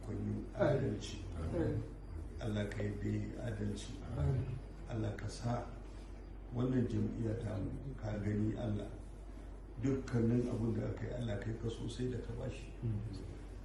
ikon adalci Allah ka yi bi adalci Allah ka sa wannan jam'iyya ta ka gani Allah dukkanin abin da aka yi Allah yi ka sosai da ka bashi